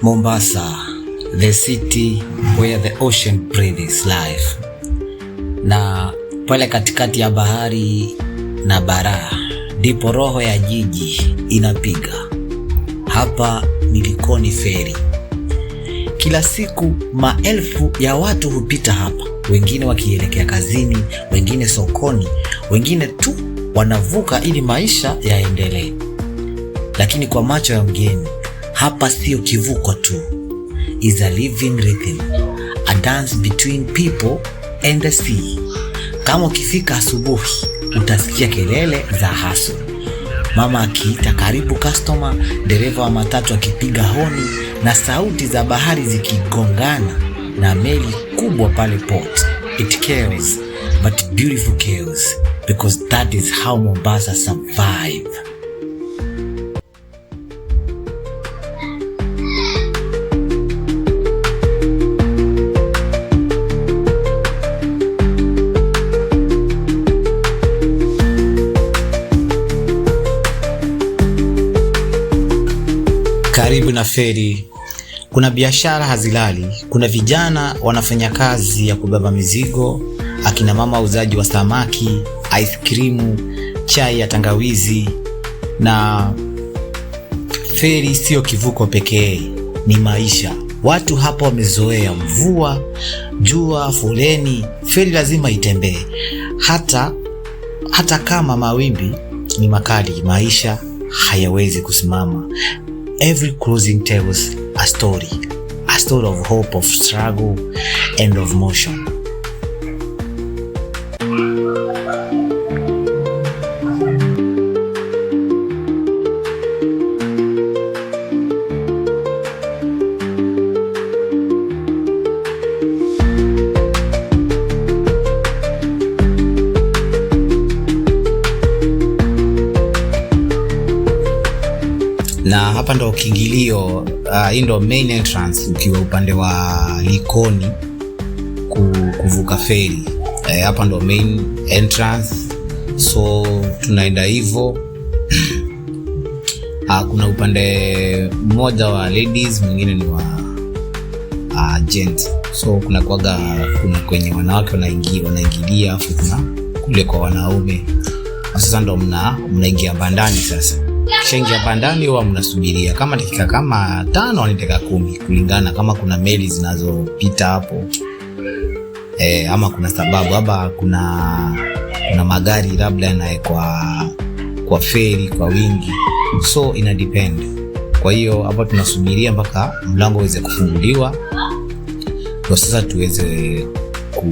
Mombasa, the city where the ocean breathes life. Na pale katikati ya bahari na bara ndipo roho ya jiji inapiga. Hapa ni Likoni feri Kila siku maelfu ya watu hupita hapa, wengine wakielekea kazini, wengine sokoni, wengine tu wanavuka ili maisha yaendelee. Lakini kwa macho ya mgeni hapa sio kivuko tu, is a living rhythm, a dance between people and the sea. Kama ukifika asubuhi, utasikia kelele za hasu mama akiita karibu customer, dereva wa matatu akipiga honi na sauti za bahari zikigongana na meli kubwa pale port. It chaos, but beautiful chaos, because that is how Mombasa survive. karibu na feri, kuna biashara hazilali, kuna vijana wanafanya kazi ya kubeba mizigo, akina mama wauzaji wa samaki, ice cream, chai ya tangawizi. Na feri siyo kivuko pekee, ni maisha. Watu hapa wamezoea mvua, jua, foleni. Feri lazima itembee, hata hata kama mawimbi ni makali, maisha hayawezi kusimama. every closing tells a story, a story of hope, of struggle, and of motion. na hapa ndo kiingilio ah, hii, uh, ndo main entrance ukiwa upande wa Likoni kuvuka feri uh, hapa ndo main entrance, so tunaenda hivyo. Uh, ah, kuna upande mmoja wa ladies, mwingine ni wa uh, ah, gent, so kuna kwaga, kuna kwenye wanawake wanaingia wanaingilia, afu kuna kule kwa wanaume. Sasa ndo mnaingia mna bandani sasa kishaingia bandani, huwa mnasubiria kama dakika kama tano au dakika kumi kulingana kama kuna meli zinazopita hapo e, ama kuna sababu haba kuna, kuna magari labda yanawekwa kwa feri kwa wingi, so ina depend. Kwa hiyo hapa tunasubiria mpaka mlango uweze kufunguliwa ndio sasa tuweze ku,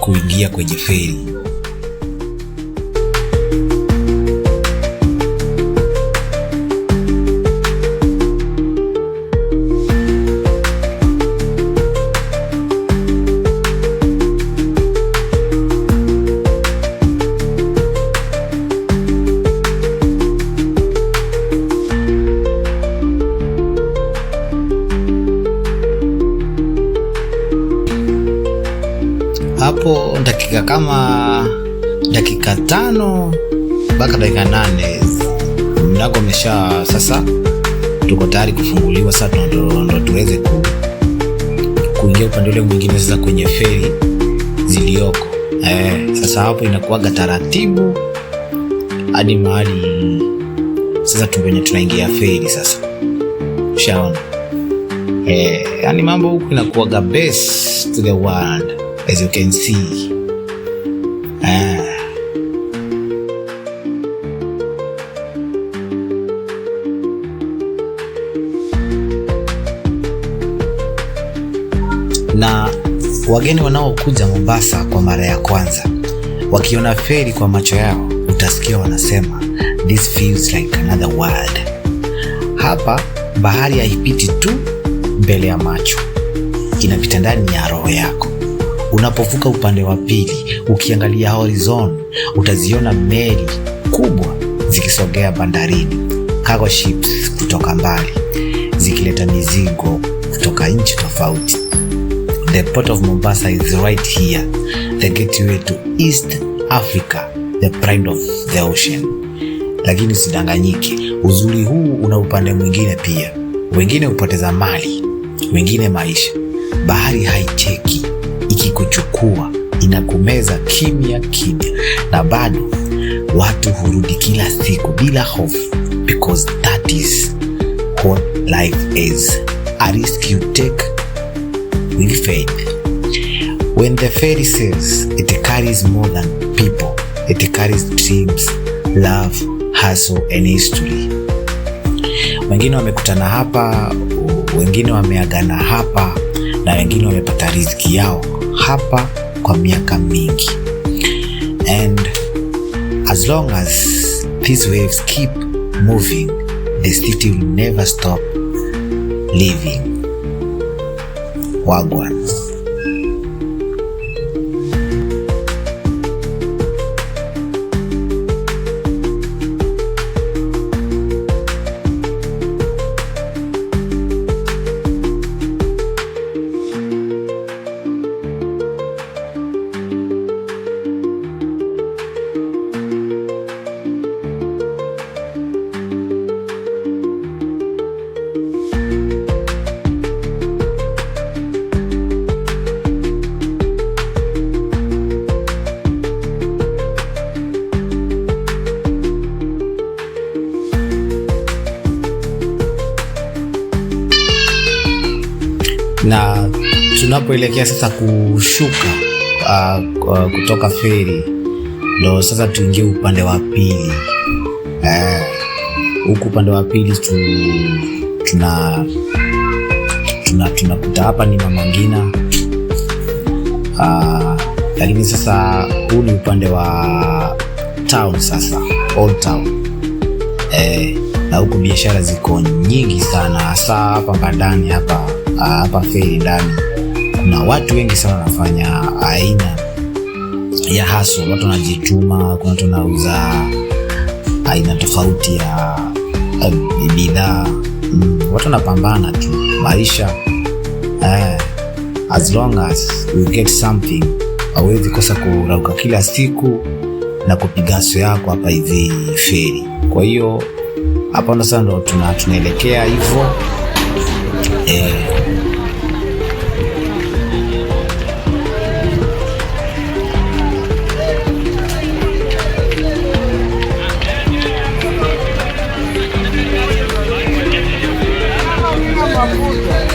kuingia kwenye feri. dakika kama dakika tano mpaka dakika nane mlango umesha, sasa tuko tayari kufunguliwa. Sasa ndo tuweze kuingia upande ule mwingine, sasa kwenye feri ziliyoko eh. Sasa hapo inakuwaga taratibu hadi mahali sasa tupenye tunaingia feri sasa, ushaona eh, yani mambo huku inakuaga best to the world as you can see ah. na wageni wanaokuja Mombasa kwa mara ya kwanza wakiona feri kwa macho yao, utasikia wanasema this feels like another world. Hapa bahari haipiti tu mbele ya macho, inapita ndani ya roho yako. Unapovuka upande wa pili, ukiangalia horizon, utaziona meli kubwa zikisogea bandarini, cargo ships kutoka mbali, zikileta mizigo kutoka nchi tofauti. The port of Mombasa is right here, the gateway to East Africa, the pride of the ocean. Lakini usidanganyike, uzuri huu una upande mwingine pia. Wengine hupoteza mali, wengine maisha. Bahari haicheki inakuchukua, inakumeza kimya kimya, na bado watu hurudi kila siku bila hofu, because that is what life is, a risk you take with faith. When the fairy says it carries more than people, it carries dreams, love, hustle and history. Wengine wamekutana hapa, wengine wameagana hapa na wengine wamepata riziki yao hapa kwa miaka mingi and as long as these waves keep moving the city will never stop living wagwans na tunapoelekea sasa kushuka uh, kutoka feri ndo sasa tuingie upande wa pili eh, huku. Uh, upande wa pili tu, tuna tunakuta tuna, hapa ni Mama Ngina uh, lakini sasa huu ni upande wa town sasa, old town eh, na huku biashara ziko nyingi sana, hasa hapa bandani hapa hapa Feli ndani kuna watu wengi sana wanafanya aina ya haso, Watu wanajituma, kuna watu wanauza aina tofauti ya eh, bidhaa mm. Watu wanapambana tu maisha eh, as long as you get something, hawezi kosa kurauka kila siku na kupiga so yako hapa hivi feri Kwa hiyo hapa ndo sasa ndo tunaelekea hivyo eh.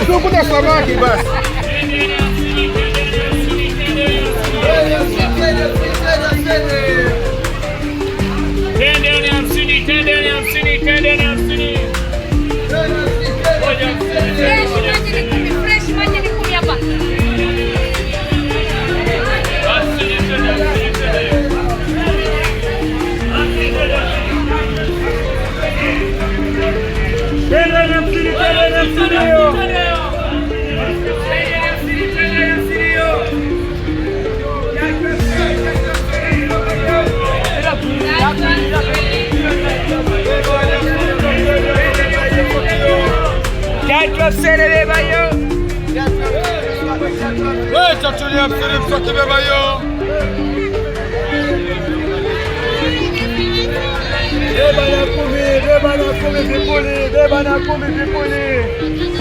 suco dessa máquina. hepsini be bayo. Hey çatçını hepsini soktu be bayo. Debana kumi, debana kumi pipuli, debana kumi pipuli.